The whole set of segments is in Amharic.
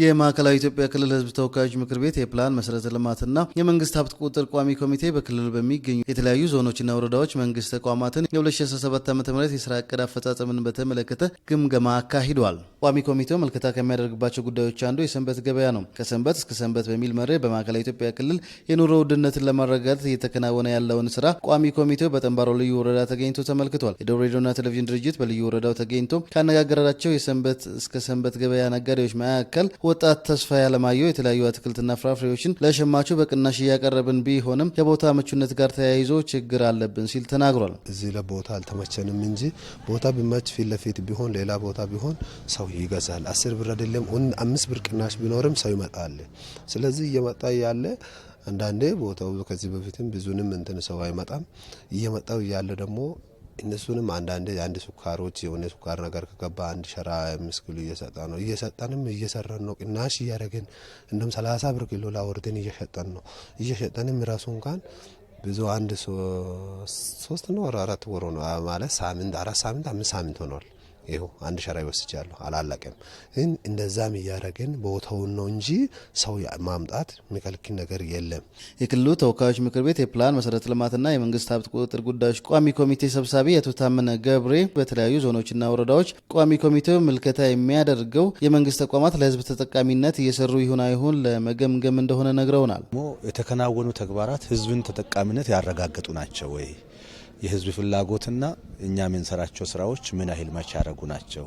የማዕከላዊ ኢትዮጵያ ክልል ሕዝብ ተወካዮች ምክር ቤት የፕላን መሰረተ ልማትና የመንግስት ሀብት ቁጥጥር ቋሚ ኮሚቴ በክልሉ በሚገኙ የተለያዩ ዞኖችና ወረዳዎች መንግስት ተቋማትን የ2017 ዓ ም የስራ እቅድ አፈጻጸምን በተመለከተ ግምገማ አካሂዷል። ቋሚ ኮሚቴው መልከታ ከሚያደርግባቸው ጉዳዮች አንዱ የሰንበት ገበያ ነው። ከሰንበት እስከ ሰንበት በሚል መሬ በማዕከላዊ ኢትዮጵያ ክልል የኑሮ ውድነትን ለማረጋጋት እየተከናወነ ያለውን ስራ ቋሚ ኮሚቴው በጠንባሮ ልዩ ወረዳ ተገኝቶ ተመልክቷል። የደቡብ ሬዲዮና ቴሌቪዥን ድርጅት በልዩ ወረዳው ተገኝቶ ካነጋገራቸው የሰንበት እስከ ሰንበት ገበያ ነጋዴዎች መካከል ወጣት ተስፋ ያለማየሁ የተለያዩ አትክልትና ፍራፍሬዎችን ለሸማቹ በቅናሽ እያቀረብን ቢሆንም ከቦታ ምቹነት ጋር ተያይዞ ችግር አለብን ሲል ተናግሯል። እዚህ ለቦታ አልተመቸንም እንጂ ቦታ ቢመች ፊት ለፊት ቢሆን ሌላ ቦታ ቢሆን ሰው ይገዛል። አስር ብር አይደለም አምስት ብር ቅናሽ ቢኖርም ሰው ይመጣል። ስለዚህ እየመጣ ያለ አንዳንዴ ቦታው ከዚህ በፊትም ብዙንም እንትን ሰው አይመጣም። እየመጣው እያለ ደግሞ እነሱንም አንዳንድ አንድ ስኳሮች የሆነ ስኳር ነገር ከገባ አንድ ሸራ ምስክሉ እየሰጠ ነው። እየሰጠንም እየሰራን ነው፣ ቅናሽ እያደረግን እንደም ሰላሳ ብር ኪሎ ላወርድን እየሸጠን ነው። እየሸጠንም ራሱ እንኳን ብዙ አንድ ሶስት ነው አራት ወሮ ነው ማለት ሳምንት አራት ሳምንት አምስት ሳምንት ሆኗል። ይሁ አንድ ሸራ ይወስጃለሁ አላለቀም። ግን እንደዛም እያደረግን ቦታውን ነው እንጂ ሰው ማምጣት የሚከልክል ነገር የለም። የክልሉ ተወካዮች ምክር ቤት የፕላን መሰረተ ልማትና የመንግስት ሀብት ቁጥጥር ጉዳዮች ቋሚ ኮሚቴ ሰብሳቢ አቶ ታመነ ገብሬ በተለያዩ ዞኖችና ወረዳዎች ቋሚ ኮሚቴው ምልከታ የሚያደርገው የመንግስት ተቋማት ለህዝብ ተጠቃሚነት እየሰሩ ይሁን አይሁን ለመገምገም እንደሆነ ነግረውናል። የተከናወኑ ተግባራት ህዝብን ተጠቃሚነት ያረጋገጡ ናቸው ወይ የህዝብ ፍላጎትና እኛ የምንሰራቸው ስራዎች ምን ያህል ማች ያደረጉ ናቸው?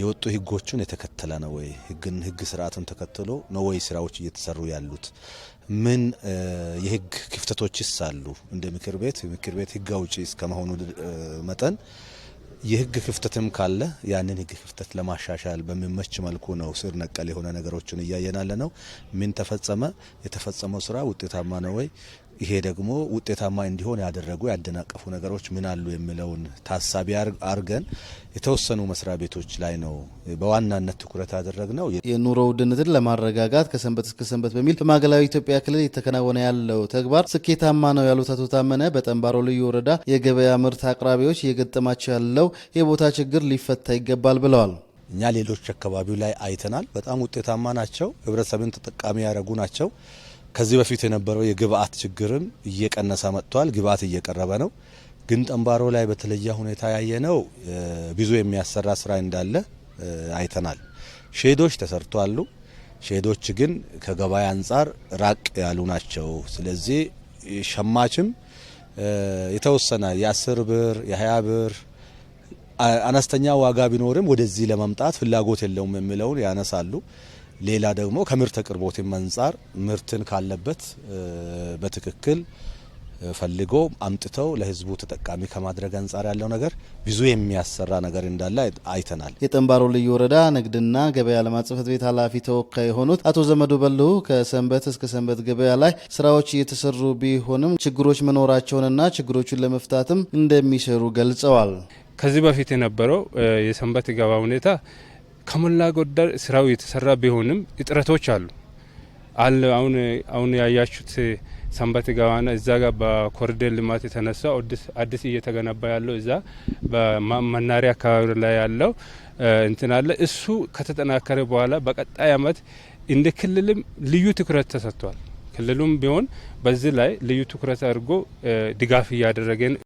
የወጡ ህጎቹን የተከተለ ነው ወይ? ህግን ህግ ስርዓቱን ተከትሎ ነው ወይ ስራዎች እየተሰሩ ያሉት? ምን የህግ ክፍተቶችስ አሉ? እንደ ምክር ቤት ምክር ቤት ህግ አውጪ እስከመሆኑ መጠን የህግ ክፍተትም ካለ ያንን ህግ ክፍተት ለማሻሻል በሚመች መልኩ ነው ስር ነቀል የሆነ ነገሮችን እያየናለ ነው። ምን ተፈጸመ? የተፈጸመው ስራ ውጤታማ ነው ወይ? ይሄ ደግሞ ውጤታማ እንዲሆን ያደረጉ ያደናቀፉ ነገሮች ምን አሉ የሚለውን ታሳቢ አርገን የተወሰኑ መስሪያ ቤቶች ላይ ነው በዋናነት ትኩረት ነው። የኑሮ ውድነትን ለማረጋጋት ከሰንበት እስከ ሰንበት በሚል በማዕከላዊ ኢትዮጵያ ክልል የተከናወነ ያለው ተግባር ስኬታማ ነው ያሉት አቶ ታመነ በጠንባሮ ልዩ ወረዳ የገበያ ምርት አቅራቢዎች እየገጠማቸው ያለው የቦታ ችግር ሊፈታ ይገባል ብለዋል። እኛ ሌሎች አካባቢው ላይ አይተናል። በጣም ውጤታማ ናቸው። ህብረተሰብን ተጠቃሚ ያደረጉ ናቸው። ከዚህ በፊት የነበረው የግብአት ችግርም እየቀነሰ መጥቷል። ግብአት እየቀረበ ነው። ግን ጠንባሮ ላይ በተለየ ሁኔታ ያየነው ብዙ የሚያሰራ ስራ እንዳለ አይተናል። ሼዶች ተሰርቶ አሉ። ሼዶች ግን ከገበያ አንጻር ራቅ ያሉ ናቸው። ስለዚህ ሸማችም የተወሰነ የአስር ብር የሀያ ብር አነስተኛ ዋጋ ቢኖርም ወደዚህ ለመምጣት ፍላጎት የለውም የሚለውን ያነሳሉ። ሌላ ደግሞ ከምርት አቅርቦትም አንጻር ምርትን ካለበት በትክክል ፈልጎ አምጥተው ለህዝቡ ተጠቃሚ ከማድረግ አንጻር ያለው ነገር ብዙ የሚያሰራ ነገር እንዳለ አይተናል። የጠንባሮ ልዩ ወረዳ ንግድና ገበያ ልማት ቤት ኃላፊ ተወካይ የሆኑት አቶ ዘመዱ በልሁ ከሰንበት እስከ ሰንበት ገበያ ላይ ስራዎች እየተሰሩ ቢሆንም ችግሮች መኖራቸውንና ችግሮቹን ለመፍታትም እንደሚሰሩ ገልጸዋል። ከዚህ በፊት የነበረው የሰንበት ገበያ ሁኔታ ከሞላ ጎደል ስራው የተሰራ ቢሆንም እጥረቶች አሉ አለ አሁን አሁን ያያችሁት ሰንበት ጋዋና እዛ ጋር በኮሪደር ልማት የተነሳ አዲስ እየተገነባ ያለው እዛ በመናሪያ አካባቢ ላይ ያለው እንትን አለ። እሱ ከተጠናከረ በኋላ በቀጣይ አመት እንደ ክልልም ልዩ ትኩረት ተሰጥቷል። ክልሉም ቢሆን በዚህ ላይ ልዩ ትኩረት አድርጎ ድጋፍ እያደረገ